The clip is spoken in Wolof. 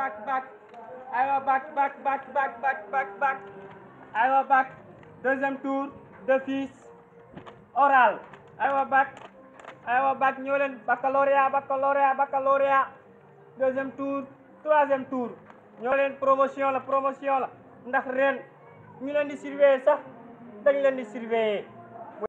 back, back. Aywa back, back, back, back, back, back, back. Aywa back. Deuxième tour de fils oral. Aywa back. Aywa back ñëw leen baccalauréat, baccalauréat, baccalauréat. Deuxième tour, troisième tour. ñoo leen promotion la promotion la ndax ren ñu leen di surveiller sax dañ leen di surveiller.